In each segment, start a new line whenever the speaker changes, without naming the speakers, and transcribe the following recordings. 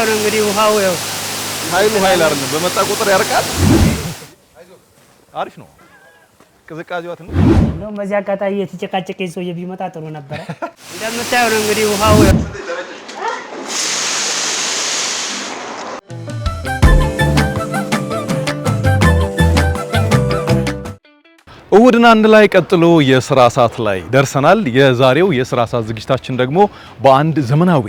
የምታየው ነው እንግዲህ ውሃው ያው
ኃይሉ ኃይል አይደለም፣ በመጣ ቁጥር ያርቃል። አሪፍ ነው ቅዝቃዜዋ ትንሽ።
ነው። በዚህ አጋጣሚ የተጨቃጨቀኝ ሰውዬ ቢመጣ ጥሩ ነበረ። እንደምታየው ነው እንግዲህ ውሃው ያው
እሁድን አንድ ላይ ቀጥሎ የስራ ሰዓት ላይ ደርሰናል። የዛሬው የስራ ሰዓት ዝግጅታችን ደግሞ በአንድ ዘመናዊ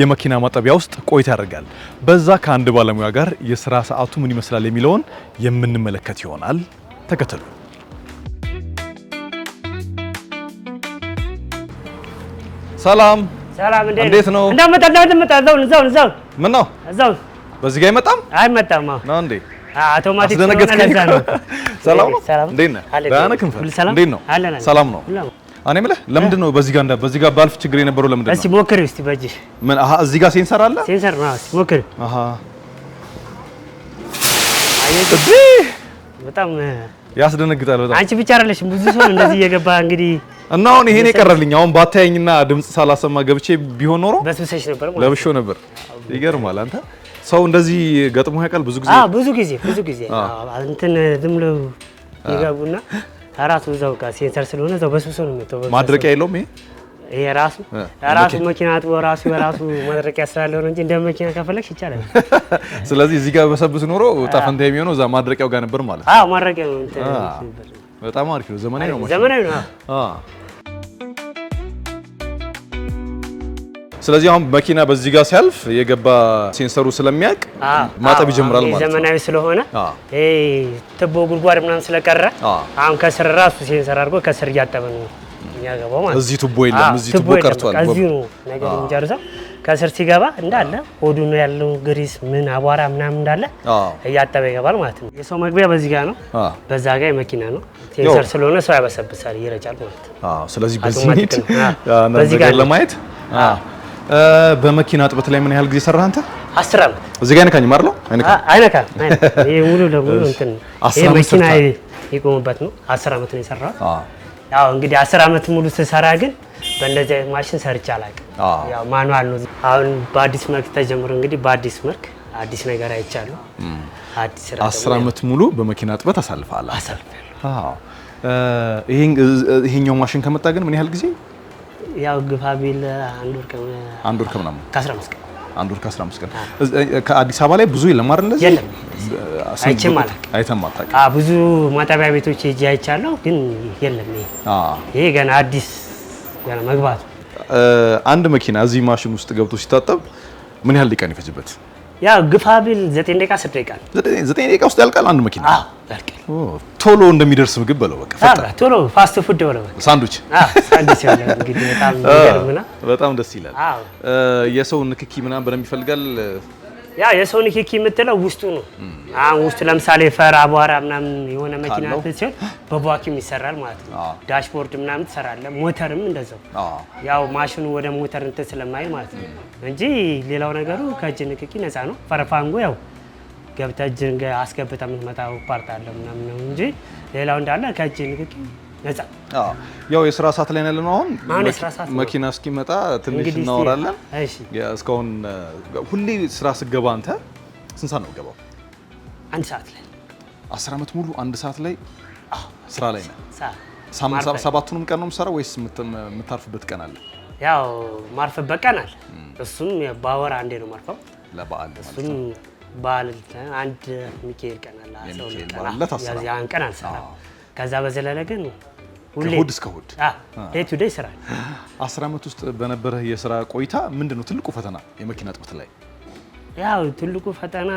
የመኪና ማጠቢያ ውስጥ ቆይታ ያደርጋል። በዛ ከአንድ ባለሙያ ጋር የስራ ሰዓቱ ምን ይመስላል የሚለውን የምንመለከት ይሆናል። ተከተሉ። ሰላም ሰላም፣ እንዴት ነው? ምን ነው በዚህ ጋር አይመጣም? አይመጣም ነው እንዴ? አውቶማቲክ ነው። ሰላም
ነው።
ሰላም ነው። እኔ የምልህ ለምንድን ነው በዚህ ጋር እንደ በዚህ ጋር ባልፍ ችግር የነበረው ለምንድን
ነው? እስኪ ሞክር እስቲ በጂ
ምን? አሃ እዚህ ጋር ሴንሰር አለ።
ሴንሰር ነው። እስኪ ሞክር። አሀ በጣም
ያስደነግጣል። በጣም
አንቺ ብቻ አይደለሽም፣ ብዙ ሰው እንደዚህ እየገባ እንግዲህ
እና አሁን ይሄን የቀረልኝ አሁን ባታየኝና ድምጽ ሳላሰማ ገብቼ ቢሆን ኖሮ በስብሰሽ ነበር ማለት ለብሾ ነበር። ይገርማል። አንተ ሰው እንደዚህ ገጥሞ ያውቃል? ብዙ ጊዜ
ብዙ ጊዜ ብዙ ጊዜ እንትን ዝም ብለው ይገቡና ከራሱ እዛው ጋር ሴንሰር ስለሆነ እዛው በስብሶ ነው የሚተው።
ማድረቂያ የለውም ይሄ
ይሄ ራሱ ራሱ መኪና አጥቦ ራሱ በራሱ ማድረቂያ ስላለው ነው እንጂ እንደ መኪና ከፈለግሽ ይቻላል።
ስለዚህ እዚህ ጋር በሰብስ ኖሮ ጣፈንታ የሚሆነው እዛ ማድረቂያው ጋር ነበር ማለት።
አዎ ማድረቂያው ነው።
በጣም አሪፍ ነው። ዘመናዊ ነው።
ዘመናዊ ነው። አዎ
ስለዚህ አሁን መኪና በዚህ ጋር ሲያልፍ የገባ ሴንሰሩ ስለሚያውቅ ማጠብ ይጀምራል
ማለት ነው። ዘመናዊ ስለሆነ ትቦ ጉድጓድ ምናምን ስለቀረ አሁን ከስር ራሱ ሴንሰር አድርጎ ከስር እያጠበ ነው
የሚያገባው ማለት ነው። እዚህ ትቦ የለም፣ እዚህ ትቦ ቀርቷል።
እዚሁ ነው ነገር የሚጨርሰው። ከስር ሲገባ እንዳለ ሆዱ ነው ያለው ግሪስ ምን አቧራ ምናምን እንዳለ እያጠበ ይገባል ማለት ነው። የሰው መግቢያ በዚህ ጋር ነው፣ በዛ ጋር የመኪና ነው። ሴንሰር ስለሆነ ሰው ያበሰብሳል፣ ይረጫል ማለት
ነው። ስለዚህ በዚህ ለማየት በመኪና እጥበት ላይ ምን ያህል ጊዜ ሰራህ አንተ? አስር አመት። እዚህ ጋር አይነካኝም አይደል?
አይነካም። ይሄ ሙሉ ለሙሉ እንትን ይሄ መኪና የቆመበት ነው። አስር አመት ነው የሰራሁት። ያው እንግዲህ አስር አመት ሙሉ ስሰራ ግን በእንደዚህ አይነት ማሽን ሰርቼ አላውቅም። ያው ማኑዋል ነው። አሁን በአዲስ መልክ ተጀምሮ እንግዲህ በአዲስ መልክ አዲስ ነገር አይቻለሁ።
አዲስ ስራ አስር አመት ሙሉ በመኪና እጥበት አሳልፈሃል። አሳልፈሃል። ይሄኛው ማሽን ከመጣ ግን ምን ያህል ጊዜ
ያው ግፋ ቢል አንድ ወር አንድ ወር ከምናምን ቀን
አንድ ወር ቀን ከአዲስ አበባ ላይ ብዙ የለም አይደል? እንደዚህ
የለም። አይቼም አላውቅም። አይተም አታውቅም? አዎ፣ ብዙ ማጠቢያ ቤቶች ሄጄ አይቻለሁ፣ ግን የለም። ይሄ ይሄ ገና አዲስ ገና መግባቱ።
አንድ መኪና እዚህ ማሽን ውስጥ ገብቶ ሲታጠብ ምን ያህል ሊቀን ይፈጅበት?
ያ ግፋቢል ዘጠኝ ደቂቃ አስር ደቂቃ
ዘጠኝ ደቂቃ ውስጥ ያልቃል አንድ መኪና። ቶሎ እንደሚደርስ ምግብ በለው
በቃ ቶሎ ፋስት ፉድ በለው በቃ
ሳንዱች። በጣም ደስ ይላል። የሰው ንክኪ ምናምን በደንብ ይፈልጋል።
ያ የሰው ንክኪ የምትለው ውስጡ ነው። አሁን ውስጡ ለምሳሌ ፈር፣ አቧራ ምናምን የሆነ መኪና ሲሆን በቫኪዩም ይሰራል ማለት ነው። ዳሽቦርድ ምናምን ትሰራለህ። ሞተርም እንደዛው ያው ማሽኑ ወደ ሞተር እንትን ስለማይል ማለት ነው እንጂ ሌላው ነገሩ ከእጅ ንክኪ ነፃ ነው። ፈረፋንጎ ያው ገብተህ እጅ አስገብተህ የምትመጣው ፓርት አለ ምናምን ነው እንጂ ሌላው እንዳለ ከእጅ ንክኪ
ያው የስራ ሰዓት ላይ ያለነው አሁን መኪና እስኪመጣ ትንሽ እናወራለን። እስካሁን ሁሌ ስራ ስገባ አንተ ስንት ሰዓት ነው የምትገባው? አንድ ሰዓት ላይ አስር አመት ሙሉ አንድ ሰዓት ላይ ስራ ላይ ነው። ሳምንት ሰባቱንም ቀን ነው የምትሰራው ወይስ የምታርፍበት ቀን አለ?
ያው ማርፍበት ቀን አለ። እሱም በወር አንዴ ነው ማርፈው ለበዓል እሱም በዓል አንድ ሚካኤል ቀን አለ።
ያን ቀን አልሰራም።
ከዛ በዘለለ ግን
ከእሑድ እስከ እሑድ ዴይ ቱ ዴይ ስራ። አስር ዓመት ውስጥ በነበረ የስራ ቆይታ ምንድን ነው ትልቁ ፈተና የመኪና ጥበት ላይ?
ያው ትልቁ ፈተና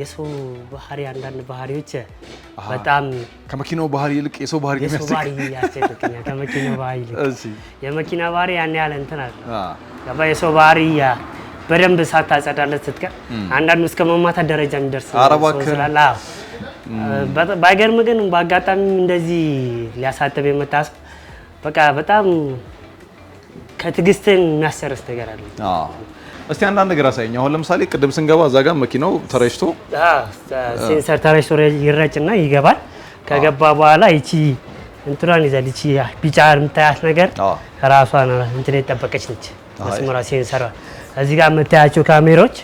የሰው ባህሪ፣ አንዳንድ ባህሪዎች
በጣም ከመኪናው ባህሪ ይልቅ የሰው ባህሪ
ያስጨንቀኛል። ከመኪናው ባህሪ ይልቅ የመኪና ባህሪ ያን ያህል እንትን አለ ገባ የሰው ባህሪ በደንብ ሳታጸዳለት ስትቀር አንዳንዱ እስከ መማታት ደረጃ የሚደርስ
ሰው ስላለ
ባይገርም ግን በአጋጣሚ እንደዚህ ሊያሳተብ የመጣ በቃ በጣም ከትግስትን የሚያሰረስ ነገር አለ።
እስቲ አንዳንድ ነገር አሳየኝ። አሁን ለምሳሌ ቅድም ስንገባ እዛ ጋር መኪናው ተረጭቶ
ሴንሰር ተረጭቶ ይረጭና ይገባል። ከገባ በኋላ ይቺ እንትኗን ይዛል። ይቺ ቢጫ የምታያት ነገር ራሷን እንትን የጠበቀች ነች። መስመሯ ሴንሰር። እዚህ ጋር የምታያቸው ካሜሮች፣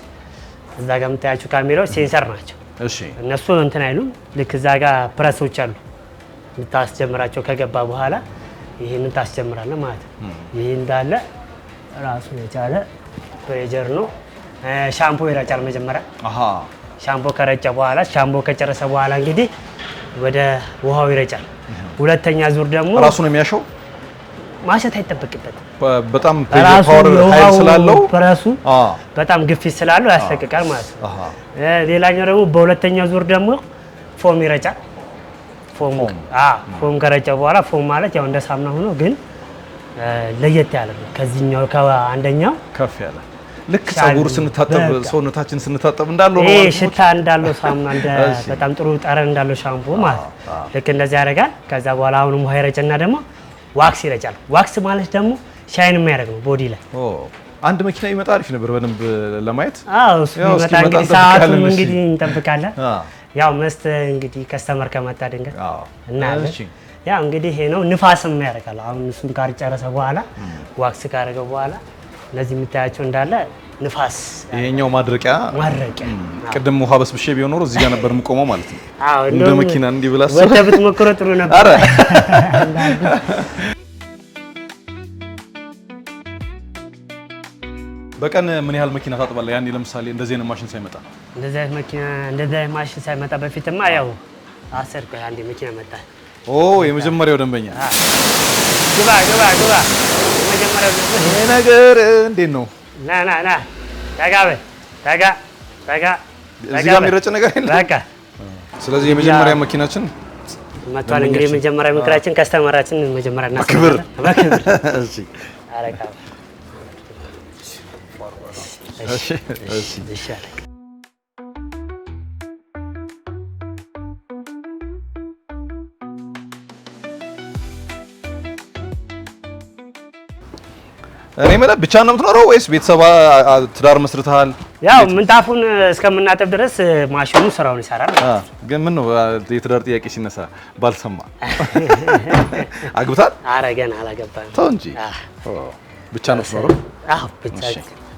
እዛ ጋር የምታያቸው ካሜሮች ሴንሰር ናቸው። እነሱ እንትን አይሉም። ልክ እዛ ጋር ፕረሶች አሉ ልታስጀምራቸው ከገባ በኋላ ይህንን ታስጀምራለህ ማለት ነው። ይህ እንዳለ ራሱን የቻለ ፕሬጀር ነው። ሻምፖ ይረጫል መጀመሪያ። ሻምፖ ከረጨ በኋላ ሻምፖ ከጨረሰ በኋላ እንግዲህ ወደ ውሃው ይረጫል። ሁለተኛ ዙር ደግሞ ራሱ ነው የሚያሸው ማሸት አይጠበቅበት በጣም ፓወር ኃይል ስላለው ፕረሱ በጣም ግፊት ስላለው ያስጠቅቃል ማለት ነው። ሌላኛው ደግሞ በሁለተኛው ዙር ደግሞ ፎም ይረጫል። ፎም ፎም ከረጨ በኋላ ፎም ማለት ያው እንደ ሳሙና ሆኖ ግን ለየት ያለ ነው። ከዚህኛው ከአንደኛው
ከፍ ያለ ልክ ጸጉር ስንታጠብ ሰውነታችን ስንታጠብ እንዳለው
ነው ሽታ እንዳለው ሳሙና እንደ በጣም ጥሩ ጠረን እንዳለው ሻምፑ ማለት ልክ እንደዚህ ያደርጋል። ከዛ በኋላ አሁንም ውሃ ይረጨና ደግሞ ዋክስ ይረጫል። ዋክስ ማለት ደግሞ ሻይን የሚያደርግ ነው ቦዲ ላይ
አንድ መኪና ይመጣ አሪፍ ነበር፣ በደንብ ለማየት
አዎ። እሱ ይመጣ እንግዲህ ሰዓቱም እንግዲህ እንጠብቃለን። ያው መስት እንግዲህ ከስተመር ከመጣ ድንገት እና ያው እንግዲህ ይሄ ነው። ንፋስም ያደርጋል። አሁን እሱን ጋር ጨረሰ በኋላ ዋክስ ካደረገ በኋላ እነዚህ የምታያቸው እንዳለ ንፋስ
ይሄኛው ማድረቂያ ማድረቂያ። ቅድም ውሃ በስብሼ ቢሆን ኖሮ እዚህ ጋር ነበር የምቆመው ማለት ነው። አዎ እንደ መኪና እንዲህ ብላ
ወጣ ብትሞክሮ ጥሩ ነበር። አረ
በቀን ምን ያህል መኪና ታጥባለህ? ያኔ ለምሳሌ እንደዚህ አይነት ማሽን ሳይመጣ
እንደዚህ አይነት መኪና እንደዚህ አይነት ማሽን ሳይመጣ በፊትማ ያው አሰር ቆይ አንዴ መኪና መጣ።
ኦ የመጀመሪያው ደንበኛ
ግባ ግባ ግባ።
የመጀመሪያው ይሄ ነገር እንዴት ነው?
ና ና ና ጠጋ በል ጠጋ ጠጋ።
እዚህ ጋር የሚረጭ ነገር የለም በቃ። ስለዚህ የመጀመሪያ መኪናችን
መቷል። እንግዲህ የመጀመሪያ ምክራችን ከስተመራችን መጀመሪያ እና
ክብር በክብር
እሺ፣ አረካ እሺ፣ አረካ እሺ እሺ
እኔ ማለት ብቻ ነው የምትኖረው ወይስ ቤተሰብ ትዳር መስርተሃል?
ያው ምንጣፉን እስከምናጠብ ድረስ ማሽኑ ስራውን ይሰራል።
ግን ምን ነው የትዳር ጥያቄ ሲነሳ ባልሰማ። አግብታል?
ኧረ ገና አላገባንም።
ተው እንጂ ብቻ ነው የምትኖረው? አዎ ብቻ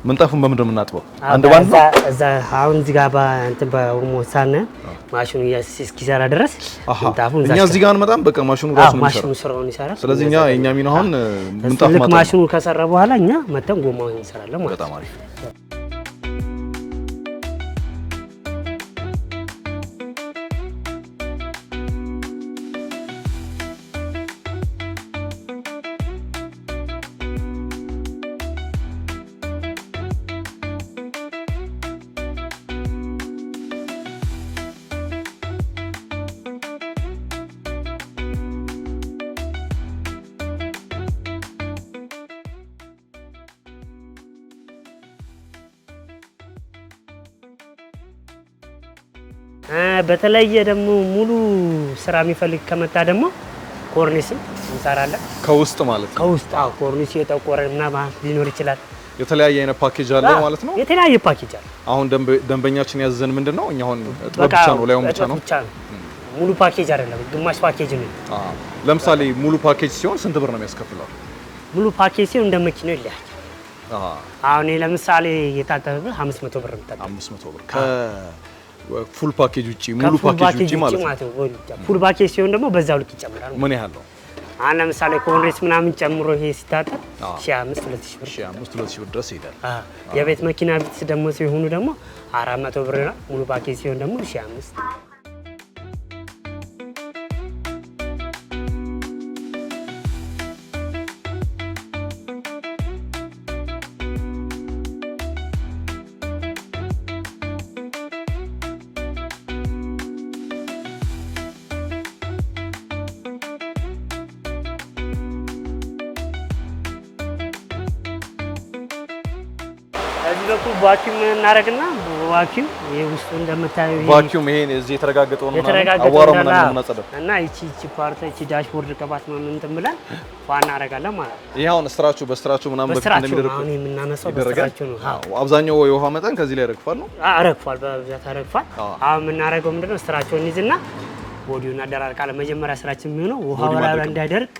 ምንጣፉን በምንድን ነው የምናጥበው? አንድ ባንድ
እዛ። አሁን እዚህ ጋር እንትን በሞሳነ ማሽኑ እስኪሰራ ድረስ
ምንጣፉን እኛ እዚህ ጋር አንመጣም። በቃ ማሽኑ
ራሱ ነው ማሽኑ ስራውን ይሰራል።
ስለዚህ እኛ የኛ ሚና አሁን
ምንጣፍ ማሽኑ ከሰራ በኋላ እኛ መተን ጎማውን እንሰራለን ማለት ነው። በተለየ ደግሞ ሙሉ ስራ የሚፈልግ ከመጣ ደግሞ ኮርኒስም እንሰራለን።
ከውስጥ ማለት ነው።
ከውስጥ አዎ፣ ኮርኒስ የጠቆረ ምናምን ሊኖር ይችላል።
የተለያየ አይነት ፓኬጅ አለ ማለት ነው።
የተለያየ ፓኬጅ አለ።
አሁን ደንበኛችን ያዘዘን ምንድን ነው? እኛ አሁን ጥበብ ብቻ ነው ላይሆን ብቻ ነው።
ሙሉ ፓኬጅ አይደለም፣ ግማሽ ፓኬጅ ነው።
ለምሳሌ ሙሉ ፓኬጅ ሲሆን ስንት ብር ነው የሚያስከፍለው?
ሙሉ ፓኬጅ ሲሆን እንደ መኪናው ይለያል። አሁን ለምሳሌ የታጠበ 500 ብር ነው።
500 ብር ፉል ፓኬጅ ውጪ ሙሉ ፓኬጅ ውጪ ማለት ነው።
ፉል ፓኬጅ ሲሆን ደግሞ በዛው ልክ ይጨምራል። ምን ያህል ነው? አሁን ለምሳሌ ኮንግሬስ ምናምን ጨምሮ ይሄ ሲታጠብ ሺህ 2000 ብር ሺህ
2000 ብር ድረስ ይሄዳል።
የቤት መኪና ቢትስ ደግሞ ሲሆኑ ደግሞ 400 ብር ነው። ሙሉ ፓኬጅ ሲሆን ደግሞ ሺህ ሲደርቁ ቫኪዩም እናደርግና ቫኪዩም ይሄ ውስጡ እንደምታየው
ቫኪዩም ይሄን እዚህ የተረጋገጠው ነው አዋራው ምናምን እናጸዳ
እና እቺ እቺ ፓርት እቺ ዳሽቦርድ ቅባት ምናምን እንትን ብለን ፋና እናደርጋለን ማለት
ነው። ይሄ አሁን ስትራቹ በስትራቹ ምናምን
በፊት እንደሚደርቁ አሁን የምናነሳው በስትራቹ ነው።
አዎ አብዛኛው የውሃ መጠን ከዚህ ላይ ረግፋል ነው
አረግፋል፣ በብዛት አረግፋል። አሁን የምናደርገው ምንድነው ስትራቹን ይዝና ቦዲው እናደራርቃለን። መጀመሪያ ስራችን የሚሆነው ውሃው ላይ እንዳይደርቅ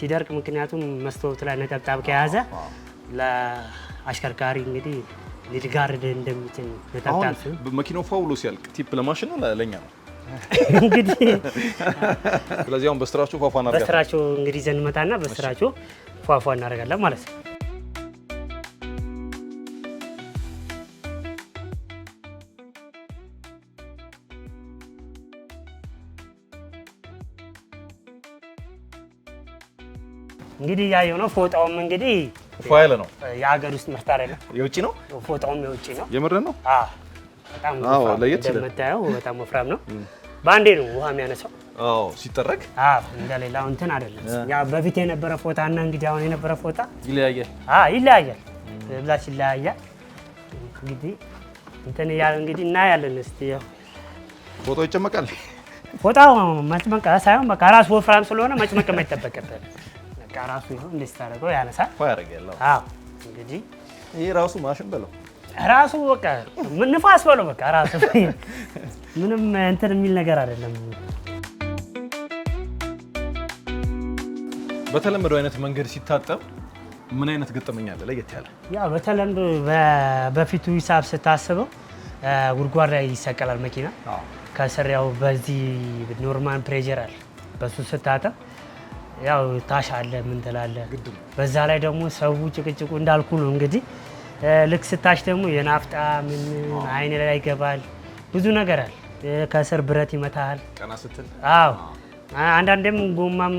ሲደርቅ፣ ምክንያቱም መስታወት ላይ ነጠብጣብ ከያዘ አሽከርካሪ እንግዲህ ሊጋርድ እንደሚችል መጠጣት
መኪናው ፋውሎ ሲያልቅ ቲፕ ለማሽን ነው ለእኛ ነው እንግዲህ። ስለዚህ አሁን በስራቸው ፏፏ እናደርጋለን።
በስራቸው እንግዲህ ይዘን መጣና በስራቸው ፏፏ እናደርጋለን ማለት ነው። እንግዲህ ያየው ነው ፎጣውም እንግዲህ ፋይል ነው። የሀገር ውስጥ ምርት አይደለም፣ የውጭ ነው። ፎጣውም የውጭ ነው።
የምር ነው። አዎ፣
በጣም ለየት እንደምታየው በጣም ወፍራም ነው። በአንዴ ነው ውሃ የሚያነሳው።
አዎ፣ ሲጠረግ።
አዎ፣ እንትን አይደለም። ያ በፊት የነበረ ፎጣ እና እንግዲህ አሁን የነበረ ፎጣ ይለያያል። አዎ፣ ይለያያል። ብዛት ይለያያል። እንግዲህ እንትን እያለ እንግዲህ እናያለን። እስኪ ያው
ፎጣው ይጨመቃል።
ፎጣው መጭመቅ ሳይሆን በቃ ራሱ ወፍራም ስለሆነ መጭመቅ የማይጠበቅበት በቃ ራሱ ይሁን እንዴት ታደርገው ያነሳል።
አዎ እንግዲህ ይሄ ራሱ ማሽን በለው
ራሱ በቃ ምን ንፋስ በለው በቃ ራሱ ምንም እንትን የሚል ነገር አይደለም።
በተለመደው አይነት መንገድ ሲታጠብ ምን አይነት ገጠመኝ አለ? ለየት ያለ
ያው በተለምዶ በፊቱ ሂሳብ ስታስበው ጉድጓድ ላይ ይሰቀላል መኪና ከስር ያው በዚህ ኖርማል ፕሬዠር አለ በሱ ስታጠብ ያው ታሽ አለ ምን ትላለህ? በዛ ላይ ደግሞ ሰው ጭቅጭቁ እንዳልኩ ነው እንግዲህ ልክ ስታሽ ደግሞ የናፍጣ ምን አይን ላይ ይገባል፣ ብዙ ነገር አለ። ከስር ብረት ይመታል።
ቀና ስትል። አዎ
አንዳንዴም ጎማም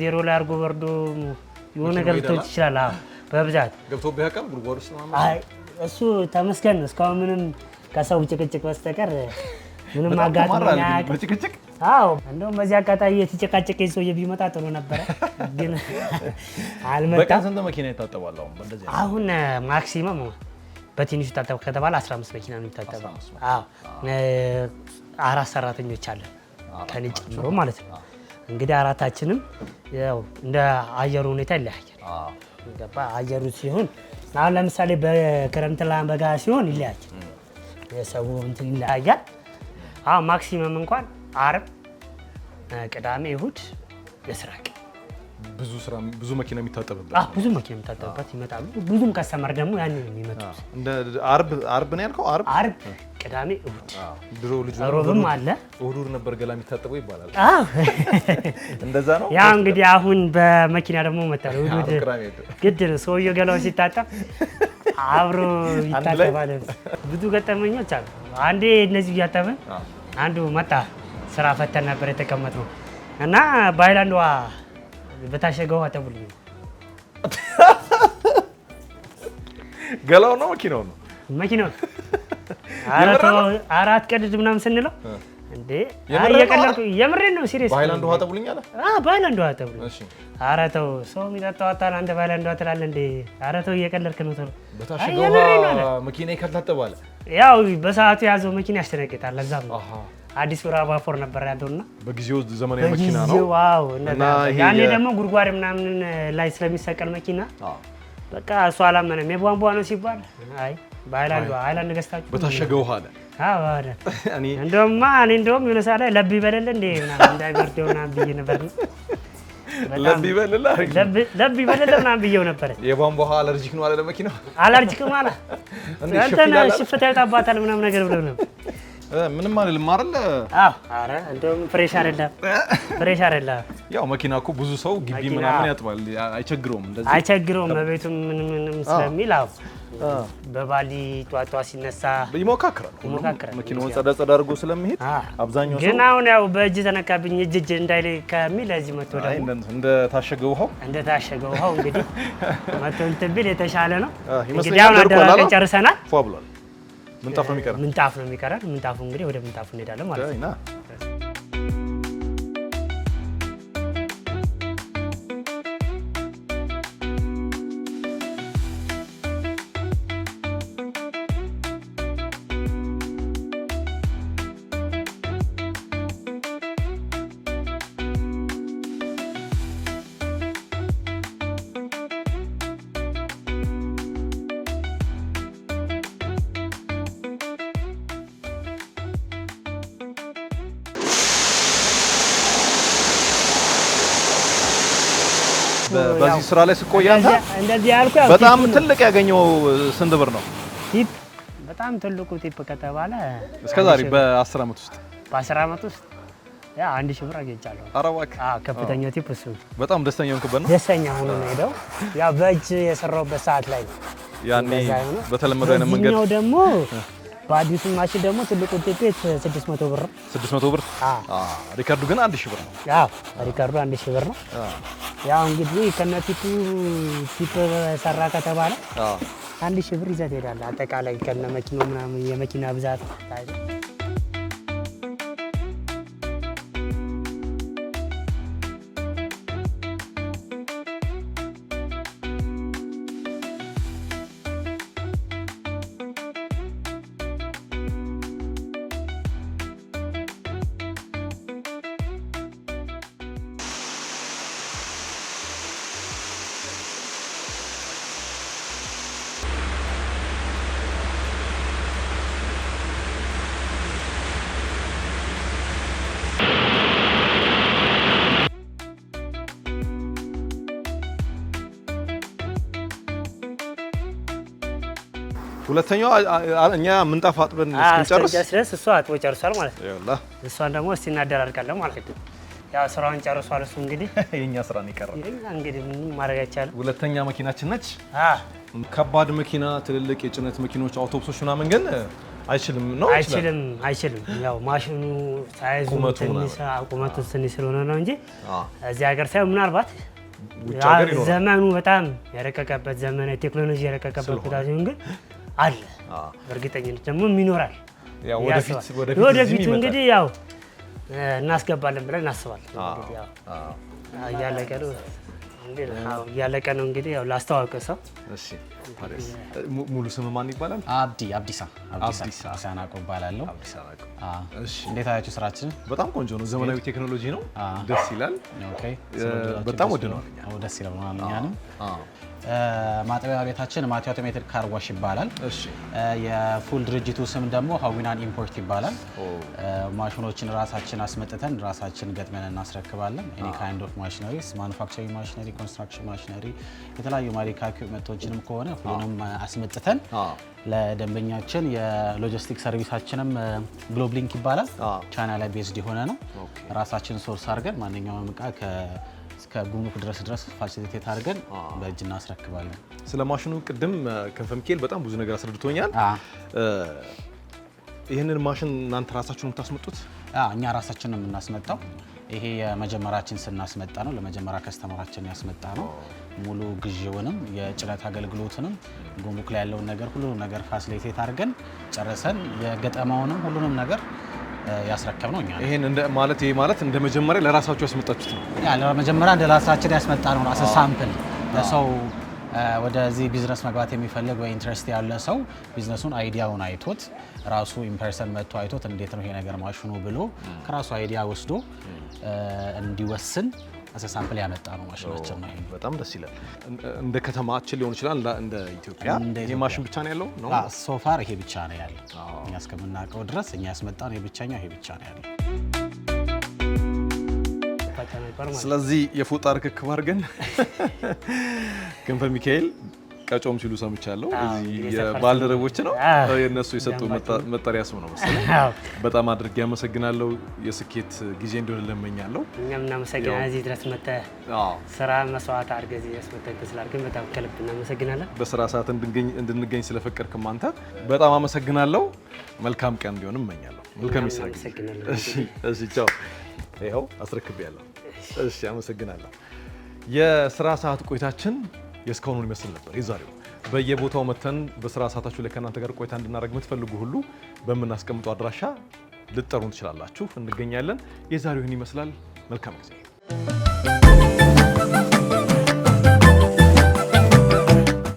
ዜሮ ላይ አድርጎ በርዶ የሆነ ነገር ልትወጭ ይችላል። አዎ
በብዛት ገብቶብህ ያውቃል ጉድጓድ ውስጥ አይ
እሱ ተመስገን እስካሁን ምንም ከሰው ጭቅጭቅ በስተቀር ምንም አጋጥሞኝ አያውቅም። አዎ እንደውም በዚህ አጋጣሚ የተጨቃጨቀኝ ሰውዬ ቢመጣ ጥሩ ነበረ፣ ግን
አልመጣም። ስንት መኪና ይታጠባል?
አሁን ማክሲመም በትንሹ ታጠብ ከተባለ 15 መኪና ነው የሚታጠበው። አራት ሰራተኞች አለ ከኔ ጨምሮ ማለት ነው። እንግዲህ አራታችንም ያው እንደ አየሩ ሁኔታ ይለያያል። አየሩ ሲሆን አሁን ለምሳሌ በክረምት ላይ በጋ ሲሆን ይለያያል፣ የሰው እንትን ይለያያል። አዎ ማክሲመም እንኳን አርብ፣ ቅዳሜ፣ እሁድ የስራ ቀን
ብዙ ስራ ብዙ መኪና የሚታጠብበት
ብዙ መኪና የሚታጠብበት ይመጣሉ። ብዙም ከስተመር ደግሞ ያንን የሚመጡት
አርብ አርብ ነው ያልከው። አርብ
አርብ፣ ቅዳሜ፣ እሁድ ድሮ ልጅ ሮብም አለ
እሁድ ነበር ገላ የሚታጠበው ይባላል። እንደዛ ነው
ያ እንግዲህ። አሁን በመኪና ደግሞ መጣለ እሁድ ግድ ነው ሰውየው ገላው ሲታጠብ አብሮ ይታጠባል። ብዙ ገጠመኞች አሉ። አንዴ እነዚህ እያጠብን አንዱ መጣ ስራ ፈተን ነበር የተቀመጥነው እና በሀይላንድ ውሃ በታሸገ ውሃ ተብሎኝ
ገላው ነው መኪናው ነው
መኪናው ነው። አራት ቀድድ ምናምን ስንለው እንዴ እየቀለድኩ የምሬን ነው።
ሲሪየስ በሀይላንድ ውሃ ተብሉኝ አለ።
አዎ ውሃ ተብሎኝ። እሺ ኧረ ተው ሰው የሚጠጣው አታል አንተ በሀይላንድ ውሃ ትላለህ እንዴ? ኧረ ተው እየቀለድክ ነው ተብሎ
በታሸገ ውሃ መኪና ይከታተባል።
ያው በሰዓቱ የያዘው መኪና ያስደነግጣል። ለዛም ነው አዲስ አበባ ፎር ነበር ያለውና
በጊዜው ዘመናዊ መኪና ነው።
ዋው! ያኔ ደግሞ ጉድጓድ ምናምን ላይ ስለሚሰቀል መኪና በቃ እሱ አላመነም። የቧንቧ ነው ሲባል አይ በሀይላንድ ሀይላንድ ገዝታችሁ በታሸገ ውሃ አለ። እንደውም እኔ እንደውም የሆነ ሰዓት ላይ ለብ ይበለል እንዴ እንዳይበርደው ምናምን ብዬ
ነበር ለብ ይበለል
ለብ ይበልላ ምናምን ብየው ነበረ።
የቧንቧ ውሃ አለርጂክ ነው አለ ለመኪናው።
አለርጂክ ማለት እንትን ሽፍታ ይወጣባታል ምናምን ነገር ብለው ነበር
ምንም አይደለም አይደል?
አዎ። አረ እንደውም ፍሬሽ አይደለም፣ ፍሬሽ አይደለም።
ያው መኪና እኮ ብዙ ሰው ግቢ ምናምን ያጥባል፣ አይቸግረውም፣ እንደዚህ
አይቸግረውም። በቤቱ ምን ምንም ስለሚል አዎ፣ በባሊ ጧጧ ሲነሳ
ይሞካክራል፣ ይሞካክራል። መኪናውን ጸዳ ጸዳ አድርጎ ስለሚሄድ አብዛኛው ሰው
ግን አሁን ያው በእጅ ተነካብኝ እጅ እጅ እንዳይል ከሚል እዚህ መጥቶ
ደግሞ እንደ ታሸገ ውሃው
እንደ ታሸገ ውሃው እንግዲህ መጥቶ እንትን ቢል የተሻለ ነው። እንግዲህ አሁን አደራቀን
ጨርሰናል። ፏ ብሏል። ምንጣፍ ነው የሚቀረን።
ምንጣፍ ነው የሚቀረን። ምንጣፉ እንግዲህ ወደ ምንጣፉ እንሄዳለን ማለት ነው።
በዚህ ስራ ላይ ስቆያታ እንደዚህ ያልኩ በጣም ትልቅ ያገኘው ስንት ብር ነው
ቲፕ? በጣም ትልቁ ቲፕ ከተባለ
እስከዛሬ ዛሬ በ10 ዓመት ውስጥ
በ10 ዓመት ውስጥ ያ አንድ ሺህ ብር አግኝቻለሁ። ኧረ እባክህ! አዎ ከፍተኛው ቲፕ እሱ።
በጣም ደስተኛ ሆንክበት ነው?
ደስተኛ ሆኖ ነው ሄደው። ያ በእጅ የሰራሁበት ሰዓት ላይ
ያኔ በተለመደው
አይነት መንገድ ነው ደግሞ በአዲሱ ማሽን ደግሞ ትልቁ ቴፔት 600 ብር
600 ብር። ሪካርዱ ግን አንድ ብር ነው።
አዎ ሪካርዱ 1000 ብር ነው። ያው እንግዲህ ከነፊቱ ቲፕ ሰራ ከተባለ አዎ፣ 1000 ብር ይዘት ሄዳል። አጠቃላይ ከነ መኪናው ምናምን የመኪና ብዛት
ሁለተኛው እኛ ምንጣፍ አጥበን እስክንጨርስ
ድረስ እሷ አጥቦ ጨርሷል ማለት ነው። እሷን ደግሞ እስቲ እናደራርቃለን ማለት ነው። ያ ስራውን ጨርሷል እሱ። እንግዲህ
የእኛ ስራ ነው የቀረው።
እንግዲህ ምን ማድረግ አይቻልም።
ሁለተኛ መኪናችን ነች። ከባድ መኪና፣ ትልልቅ የጭነት መኪኖች፣ አውቶቡሶች ምናምን ግን አይችልም
ነው አይችልም አይችልም። ያው ማሽኑ ሳይዙ ቁመቱ ትንሽ ስለሆነ ነው እንጂ እዚህ ሀገር ሳይሆን ምናልባት ዘመኑ በጣም የረቀቀበት ዘመን ቴክኖሎጂ የረቀቀበት ቦታ ሲሆን ግን አለ። በእርግጠኝነት ደግሞ ይኖራል። ወደፊት እንግዲህ ያው እናስገባለን ብለን እናስባለን። እያለቀ ነው እንግዲህ ያው ላስተዋወቀ ሰው
ሙሉ ስም ማን ይባላል?
አብዲ አብዲሳ አብዲሳ ናቆ እባላለሁ። እንዴት አያችሁ? ስራችንን
በጣም ቆንጆ ነው። ዘመናዊ ቴክኖሎጂ ነው። ደስ ይላል። በጣም ወድነዋል።
ደስ ይላል። እኛንም ማጠቢያ ቤታችን ማቲ አውቶሜትድ ዋሽ ይባላል። የፉል ድርጅቱ ስም ደግሞ ሀዊናን ኢምፖርት ይባላል። ማሽኖችን ራሳችን አስመጥተን ራሳችን ገጥመን እናስረክባለን። ኤኒ ካይንድ ኦፍ ማሽነሪስ፣ ማኑፋክቸሪንግ ማሽነሪ፣ ኮንስትራክሽን ማሽነሪ፣ የተለያዩ ማሪካ ኢኩፕመንቶችንም ከሆነ ሁሉንም አስመጥተን ለደንበኛችን የሎጂስቲክ ሰርቪሳችንም ግሎብሊንክ ይባላል። ቻይና ላይ ቤዝድ የሆነ ነው። ራሳችን ሶርስ አድርገን ማንኛውም እቃ እስከ ጉምሩክ ድረስ ድረስ ፋሲሊቴት አድርገን በእጅ እናስረክባለን።
ስለ ማሽኑ ቅድም ከንፈምኬል በጣም ብዙ ነገር አስረድቶኛል። ይህንን ማሽን እናንተ ራሳችሁ ነው የምታስመጡት?
እኛ ራሳችን ነው የምናስመጣው። ይሄ የመጀመሪያችን ስናስመጣ ነው፣ ለመጀመሪያ ከስተመራችን ያስመጣ ነው። ሙሉ ግዢውንም የጭነት አገልግሎትንም ጉምሩክ ላይ ያለውን ነገር ሁሉንም ነገር ፋሲሊቴት አድርገን ጨርሰን የገጠማውንም ሁሉንም ነገር ያስረከብ ነው። እኛ
ይሄን እንደ ማለት ይሄ ማለት እንደ መጀመሪያ ለራሳቸው ያስመጣችሁት ነው።
ያ ለመጀመሪያ እንደ ራሳችን ያስመጣ ነው። አሰ ሳምፕል ለሰው ወደዚህ ቢዝነስ መግባት የሚፈልግ ወይ ኢንትረስት ያለ ሰው ቢዝነሱን አይዲያውን አይቶት ራሱ ኢምፐርሰን መጥቶ አይቶት እንዴት ነው ይሄ ነገር ማሽኑ ብሎ ከራሱ አይዲያ ወስዶ እንዲወስን አሰሳምፕል ያመጣ ነው ማሽናችን
ነው። በጣም ደስ ይላል። እንደ ከተማችን ሊሆን ይችላል እንደ ኢትዮጵያ ይሄ ማሽን ብቻ ነው ያለው
ነው። ሶፋር ይሄ ብቻ ነው ያለው እኛ እስከምናውቀው ድረስ እኛ ያስመጣ ነው የብቻኛው ይሄ ብቻ ነው ያለው።
ስለዚህ የፎጣ ርክክብ አድርገን ክንፈ ሚካኤል ቀጮም ሲሉ ሰምቻለሁ። ባልደረቦች ነው የእነሱ የሰጡ መጠሪያ ስም ነው መሰለኝ። በጣም አድርጌ አመሰግናለሁ። የስኬት ጊዜ እንዲሆን ለመኛለሁ።
እኛም እናመሰግናለን። እዚህ ድረስ መተህ ስራ መስዋዕት አድርገህ እዚህ ድረስ መተህ ስላደረግን በጣም ከልብ እናመሰግናለን።
በስራ ሰዓት እንድንገኝ ስለፈቀድክ አንተ በጣም አመሰግናለሁ። መልካም ቀን እንዲሆንም እመኛለሁ። መልካም ይስራ። ቻው። ይኸው አስረክቤያለሁ። እሺ፣ አመሰግናለሁ። የስራ ሰዓት ቆይታችን የእስካሁኑን ይመስል ነበር የዛሬው። በየቦታው መተን በስራ ሰዓታችሁ ላይ ከእናንተ ጋር ቆይታ እንድናደርግ የምትፈልጉ ሁሉ በምናስቀምጠው አድራሻ ልጠሩን ትችላላችሁ። እንገኛለን። የዛሬው ይህን ይመስላል። መልካም ጊዜ